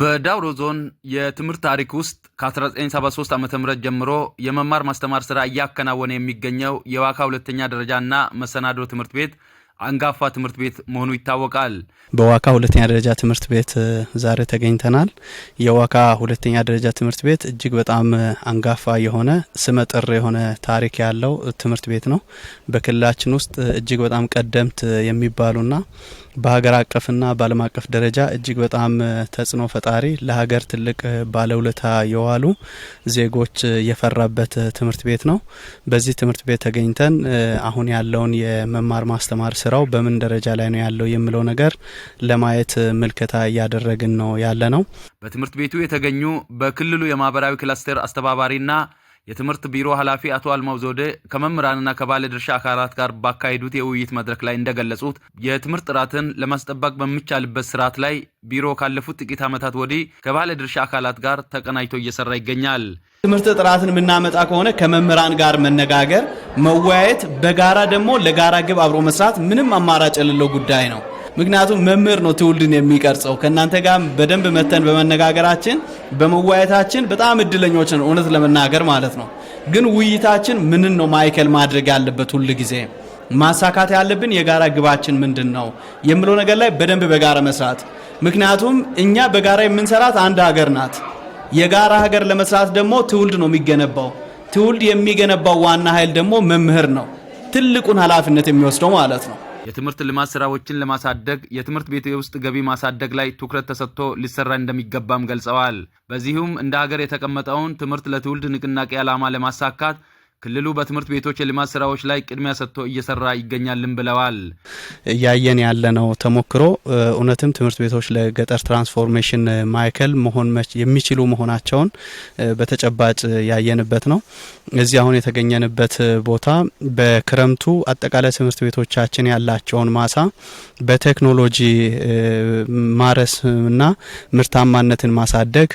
በዳውሮ ዞን የትምህርት ታሪክ ውስጥ ከ1973 ዓ ም ጀምሮ የመማር ማስተማር ስራ እያከናወነ የሚገኘው የዋካ ሁለተኛ ደረጃና መሰናዶ ትምህርት ቤት አንጋፋ ትምህርት ቤት መሆኑ ይታወቃል። በዋካ ሁለተኛ ደረጃ ትምህርት ቤት ዛሬ ተገኝተናል። የዋካ ሁለተኛ ደረጃ ትምህርት ቤት እጅግ በጣም አንጋፋ የሆነ ስመጥር የሆነ ታሪክ ያለው ትምህርት ቤት ነው። በክልላችን ውስጥ እጅግ በጣም ቀደምት የሚባሉና በሀገር አቀፍና በዓለም አቀፍ ደረጃ እጅግ በጣም ተጽዕኖ ፈጣሪ ለሀገር ትልቅ ባለውለታ የዋሉ ዜጎች የፈራበት ትምህርት ቤት ነው። በዚህ ትምህርት ቤት ተገኝተን አሁን ያለውን የመማር ማስተማር ስራው በምን ደረጃ ላይ ነው ያለው የሚለው ነገር ለማየት ምልከታ እያደረግን ነው ያለ ነው። በትምህርት ቤቱ የተገኙ በክልሉ የማህበራዊ ክላስተር አስተባባሪና የትምህርት ቢሮ ኃላፊ አቶ አልማው ዘውዴ ከመምህራንና ከባለድርሻ አካላት ጋር ባካሄዱት የውይይት መድረክ ላይ እንደገለጹት የትምህርት ጥራትን ለማስጠበቅ በሚቻልበት ስርዓት ላይ ቢሮ ካለፉት ጥቂት ዓመታት ወዲህ ከባለድርሻ አካላት ጋር ተቀናጅቶ እየሰራ ይገኛል። ትምህርት ጥራትን የምናመጣ ከሆነ ከመምህራን ጋር መነጋገር፣ መወያየት፣ በጋራ ደግሞ ለጋራ ግብ አብሮ መስራት ምንም አማራጭ የሌለው ጉዳይ ነው። ምክንያቱም መምህር ነው ትውልድን የሚቀርጸው። ከእናንተ ጋር በደንብ መተን በመነጋገራችን በመወያየታችን በጣም እድለኞች ነን፣ እውነት ለመናገር ማለት ነው። ግን ውይይታችን ምንን ነው ማዕከል ማድረግ ያለበት ሁል ጊዜ ማሳካት ያለብን የጋራ ግባችን ምንድን ነው የምለው ነገር ላይ በደንብ በጋራ መስራት። ምክንያቱም እኛ በጋራ የምንሰራት አንድ ሀገር ናት። የጋራ ሀገር ለመስራት ደግሞ ትውልድ ነው የሚገነባው። ትውልድ የሚገነባው ዋና ኃይል ደግሞ መምህር ነው፣ ትልቁን ኃላፊነት የሚወስደው ማለት ነው። የትምህርት ልማት ስራዎችን ለማሳደግ የትምህርት ቤት ውስጥ ገቢ ማሳደግ ላይ ትኩረት ተሰጥቶ ሊሰራ እንደሚገባም ገልጸዋል። በዚሁም እንደ ሀገር የተቀመጠውን ትምህርት ለትውልድ ንቅናቄ ዓላማ ለማሳካት ክልሉ በትምህርት ቤቶች የልማት ስራዎች ላይ ቅድሚያ ሰጥቶ እየሰራ ይገኛልን ብለዋል። እያየን ያለነው ተሞክሮ እውነትም ትምህርት ቤቶች ለገጠር ትራንስፎርሜሽን ማዕከል መሆን የሚችሉ መሆናቸውን በተጨባጭ ያየንበት ነው። እዚህ አሁን የተገኘንበት ቦታ በክረምቱ አጠቃላይ ትምህርት ቤቶቻችን ያላቸውን ማሳ በቴክኖሎጂ ማረስና ምርታማነትን ማሳደግ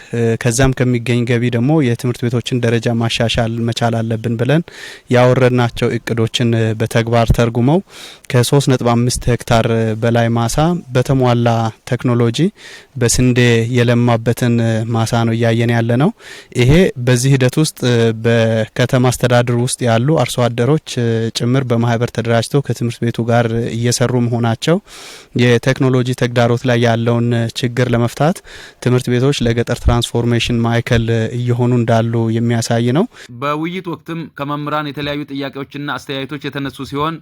ከዛም ከሚገኝ ገቢ ደግሞ የትምህርት ቤቶችን ደረጃ ማሻሻል መቻል አለብን ብለን ብለን ያወረድናቸው እቅዶችን በተግባር ተርጉመው ከ3.5 ሄክታር በላይ ማሳ በተሟላ ቴክኖሎጂ በስንዴ የለማበትን ማሳ ነው እያየን ያለ ነው። ይሄ በዚህ ሂደት ውስጥ በከተማ አስተዳደር ውስጥ ያሉ አርሶ አደሮች ጭምር በማህበር ተደራጅተው ከትምህርት ቤቱ ጋር እየሰሩ መሆናቸው የቴክኖሎጂ ተግዳሮት ላይ ያለውን ችግር ለመፍታት ትምህርት ቤቶች ለገጠር ትራንስፎርሜሽን ማዕከል እየሆኑ እንዳሉ የሚያሳይ ነው። በውይይት ወቅትም ከመምህራን የተለያዩ ጥያቄዎችና አስተያየቶች የተነሱ ሲሆን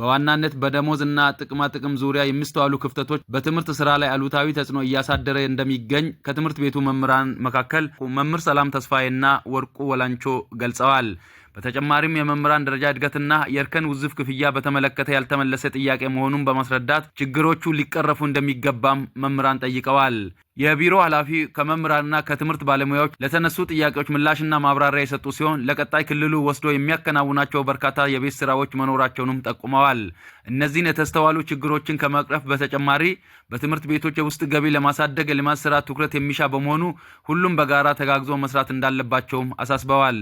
በዋናነት በደሞዝ እና ጥቅማ ጥቅም ዙሪያ የሚስተዋሉ ክፍተቶች በትምህርት ስራ ላይ አሉታዊ ተጽዕኖ እያሳደረ እንደሚገኝ ከትምህርት ቤቱ መምህራን መካከል መምህር ሰላም ተስፋዬና ወርቁ ወላንቾ ገልጸዋል። በተጨማሪም የመምህራን ደረጃ እድገትና የእርከን ውዝፍ ክፍያ በተመለከተ ያልተመለሰ ጥያቄ መሆኑን በማስረዳት ችግሮቹ ሊቀረፉ እንደሚገባም መምህራን ጠይቀዋል። የቢሮ ኃላፊ ከመምህራንና ከትምህርት ባለሙያዎች ለተነሱ ጥያቄዎች ምላሽና ማብራሪያ የሰጡ ሲሆን ለቀጣይ ክልሉ ወስዶ የሚያከናውናቸው በርካታ የቤት ስራዎች መኖራቸውንም ጠቁመዋል። እነዚህን የተስተዋሉ ችግሮችን ከመቅረፍ በተጨማሪ በትምህርት ቤቶች የውስጥ ገቢ ለማሳደግ የልማት ስራ ትኩረት የሚሻ በመሆኑ ሁሉም በጋራ ተጋግዞ መስራት እንዳለባቸውም አሳስበዋል።